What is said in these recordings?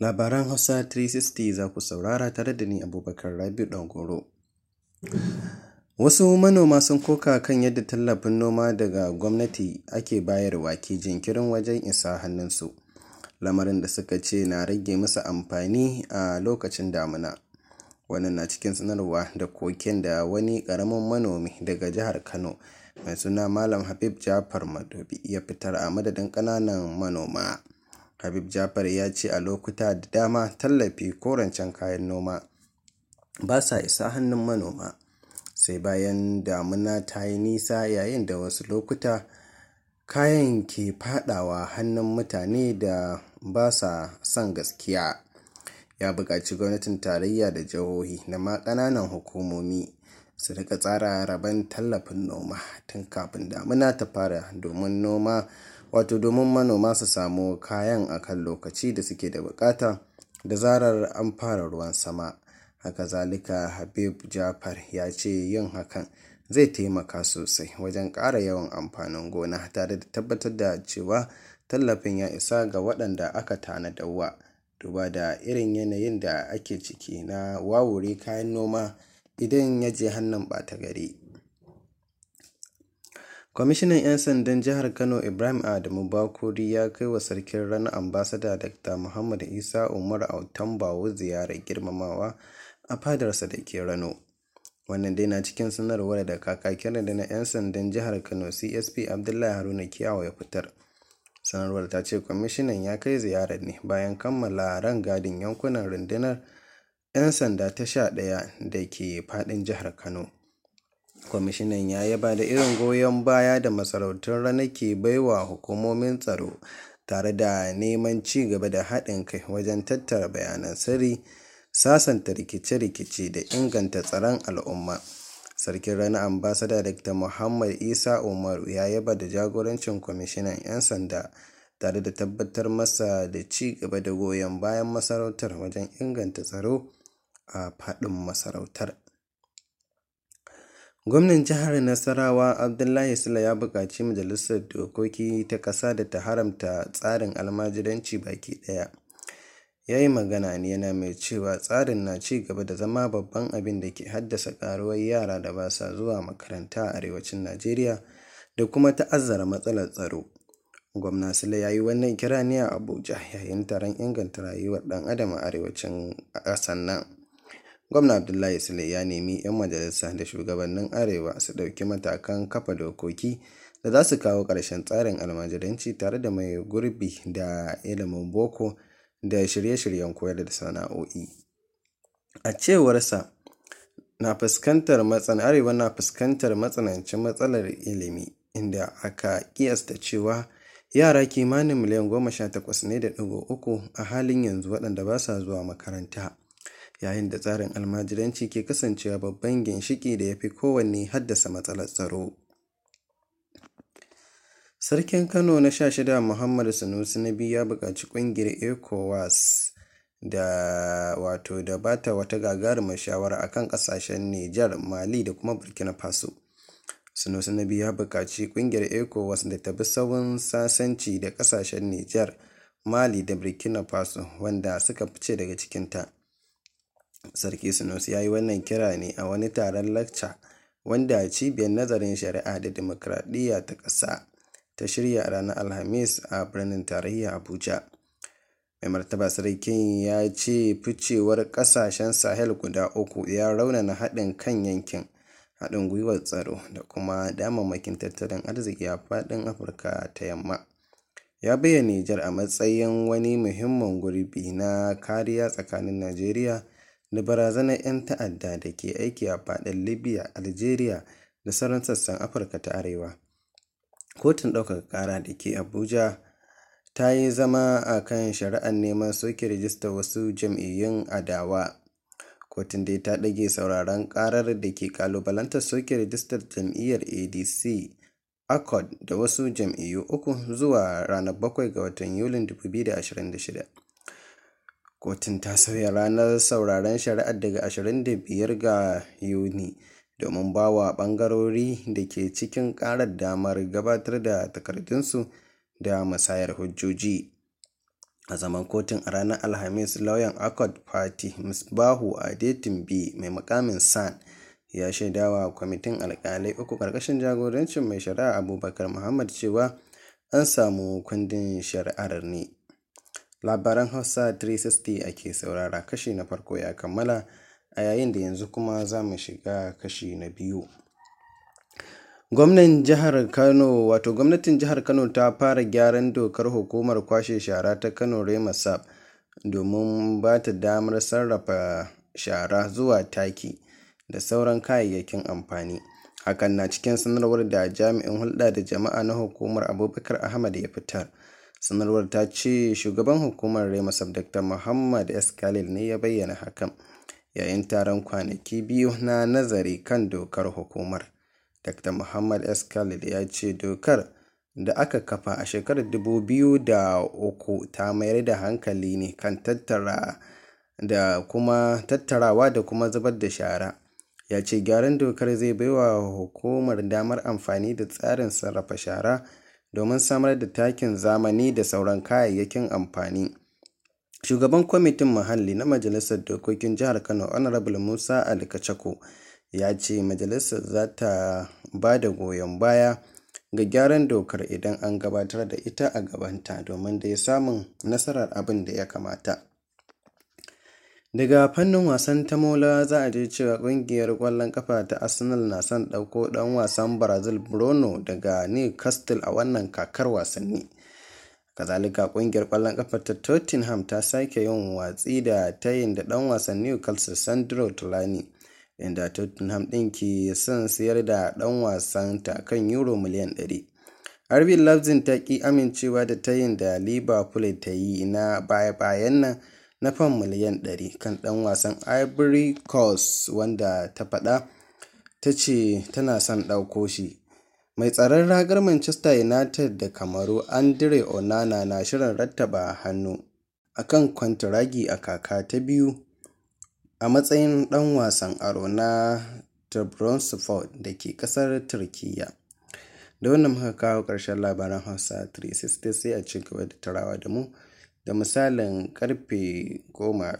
Labaran Hausa 360 za ku saurara tare da ni Abubakar Rabiu Dangoro. Wasu manoma sun koka kan yadda tallafin noma daga gwamnati ake bayarwa ke jinkirin wajen isa hannunsu, lamarin da suka ce na rage masa amfani a lokacin damuna. Wannan na cikin sanarwa da koken da wani ƙaramin manomi daga jihar Kano mai suna Malam Habib Jafar Madobi ya fitar a madadin ƙananan manoma. habib jafar ya ce a lokuta da dama tallafi ko rancen kayan noma ba sa isa hannun manoma sai bayan damuna ta yi nisa yayin da wasu lokuta kayan ke fadawa hannun mutane da ba sa son gaskiya ya buƙaci gwamnatin tarayya da jihohi na ma ƙananan hukumomi su rika tsara rabon tallafin noma tun kafin damuna ta fara domin noma wato domin manoma su samu kayan a kan lokaci da suke da bukata da zarar an fara ruwan sama haka zalika habib jafar ya ce yin hakan zai taimaka sosai wajen ƙara yawan amfanin gona tare da tabbatar da cewa tallafin ya isa ga waɗanda aka tana wa duba da irin yanayin da ake ciki na wawure kayan noma idan ya je hannun ɓata gari kwamishinan 'yan sandan jihar kano ibrahim adamu bakuri ya kai wa sarkin rana ambasada dr muhammad isa umar autan bawo ziyarar girmamawa a fadarsa da ke rano wannan dai na cikin sanarwar da kakakin da na 'yan sandan jihar kano csp abdullahi haruna kiyawa ya fitar sanarwar ta ce kwamishinan ya kai ziyarar ne bayan kammala ran gadin yankunan rundunar 'yan sanda ta sha ɗaya da ke faɗin jihar kano kwamishinan ya yaba da irin goyon baya da masarautun rana ke baiwa hukumomin tsaro tare da neman ci gaba da haɗin kai wajen tattara bayanan sirri sasanta rikice-rikice da inganta tsaron al'umma sarkin rana ambasada dr muhammad isa umaru ya yaba da jagorancin kwamishinan 'yan sanda tare da tabbatar masa da ci gaba da goyon bayan masarautar wajen inganta tsaro a faɗin masarautar Gwamnan jihar Nasarawa Abdullahi Sula ya buƙaci Majalisar Dokoki ta ƙasa da ta haramta tsarin almajiranci baki ɗaya. Ya yi magana ne yana mai cewa tsarin na ci gaba da zama babban abin da ke haddasa ƙaruwar yara da ba sa zuwa makaranta a arewacin Najeriya da kuma ta'azzara matsalar tsaro. Gwamna Sule ya yi wannan kira ne a Abuja yayin taron inganta rayuwar ɗan adam a arewacin ƙasar nan. gwamna abdullahi sule ya nemi 'yan majalisa da shugabannin arewa su ɗauki matakan kafa dokoki da za su kawo ƙarshen tsarin almajiranci tare da mai gurbi da ilimin boko da shirye-shiryen koyar da sana'o'i a cewarsa na fuskantar matsan arewa na fuskantar matsanancin matsalar ilimi inda aka kiyasta cewa yara kimanin miliyan goma sha takwas ne da ɗigo uku a halin yanzu waɗanda ba sa zuwa makaranta yayin da tsarin almajiranci ke kasancewa babban ginshiki da ya fi kowanne haddasa matsalar tsaro sarkin kano na 16 muhammadu sanusi na biyu ya buƙaci ƙungiyar ecowas da wato da bata wata gagarumar shawara a kan ƙasashen nijar mali da kuma burkina faso sanusi na biyu ya buƙaci ƙungiyar ecowas da ta bi sawun sasanci da ƙasashen nijar mali da burkina faso wanda suka fice daga cikinta Sarki Sunusi ya yi wannan kira ne a wani taron lacca wanda Cibiyar Nazarin Shari'a da Dimokuraɗiyya ta ƙasa ta shirya a ranar Alhamis a birnin tarayya Abuja. Mai martaba sarkin ya ce ficewar ƙasashen Sahel guda uku ya raunana haɗin kan yankin, haɗin gwiwar tsaro da kuma damammakin tattalin arziki a faɗin Afirka ta yamma. Ya bayyana Nijar a matsayin wani muhimmin gurbi na kariya tsakanin Najeriya da barazanar 'yan ta'adda da ke aiki a fadin libya algeria da sauran sassan afirka ta arewa kotun ɗaukaka kara da ke abuja ta yi zama a kan shari'ar neman soke rijistar wasu jam'iyyun adawa kotun dai ta ɗage sauraron karar da ke ƙalubalantar soke rijistar jam'iyyar adc accord da wasu jam'iyyu uku zuwa ranar 7 ga watan yulin 2026 kotun ta sauya ranar sauraron shari'ar daga 25 ga yuni domin ba wa ɓangarori da ke cikin ƙarar damar gabatar da takardunsu da musayar hujjoji a zaman kotun a ranar alhamis lauyan accord party misbahu bi mai mukamin san ya shaidawa kwamitin alkalai uku ƙarƙashin jagorancin mai shari'a abubakar muhammad cewa an samu kundin shari'ar ne labaran hausa 360 ake saurara kashi na farko ya kammala a yayin da yanzu kuma za mu shiga kashi na biyu gwamnan jihar kano wato gwamnatin jihar kano ta fara gyaran dokar hukumar kwashe shara ta kano remasap domin ba ta damar sarrafa shara zuwa taki da sauran kayayyakin amfani hakan na cikin sanarwar da jami'in hulɗa da jama'a na hukumar abubakar ahmad ya fitar sanarwar ta ce shugaban hukumar remasaf dr muhammad s ne ya bayyana hakan yayin taron kwanaki biyu na nazari kan dokar hukumar dr muhammad s ya ce dokar da aka kafa a shekarar 2003 ta mayar da hankali ne kan tattara da kuma tattarawa da kuma zubar da shara ya ce gyaran dokar zai baiwa hukumar damar amfani da tsarin sarrafa shara domin samar da takin zamani da sauran kayayyakin amfani. Shugaban Kwamitin Muhalli na Majalisar Dokokin Jihar Kano Honorable Musa Ali ya ce majalisar za ta ba da goyon baya ga gyaran dokar idan an gabatar da ita a gabanta domin dai samun nasarar abin da ya kamata. Daga fannin wasan ta mola za a je cewa ƙungiyar ƙwallon ƙafa ta Arsenal na son ɗauko ɗan wasan Brazil Bruno daga Newcastle a wannan kakar wasanni. Kazalika ƙungiyar ƙwallon ƙafa ta Tottenham ta sake yin watsi da tayin da ɗan wasan Newcastle Sandro Tulani. Inda Tottenham ɗin ke son siyar da ɗan wasan ta kan Euro miliyan 100. Arvin Leipzig ta ƙi amincewa da tayin da Liverpool ta yi na baya-bayan nan na fam miliyan 100 kan ɗan wasan ivory coast wanda ta faɗa ta ce tana son ɗauko shi mai tsaron ragar manchester united da kamaru andre onana na shirin rattaba hannu akan kwantaragi a kaka ta biyu a matsayin ɗan wasan aro na tabronsford da ke ƙasar Turkiyya. Da wannan muka kawo ƙarshen labaran Hausa 360 sai a ci gaba da tarawa da mu da misalin karfe goma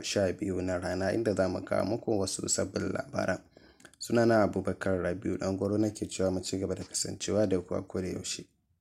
na rana inda za mu kawo muku wasu sabbin labaran sunana abubakar rabiu ɗan gwaro nake cewa mu ci gaba da kasancewa da kuwa yaushe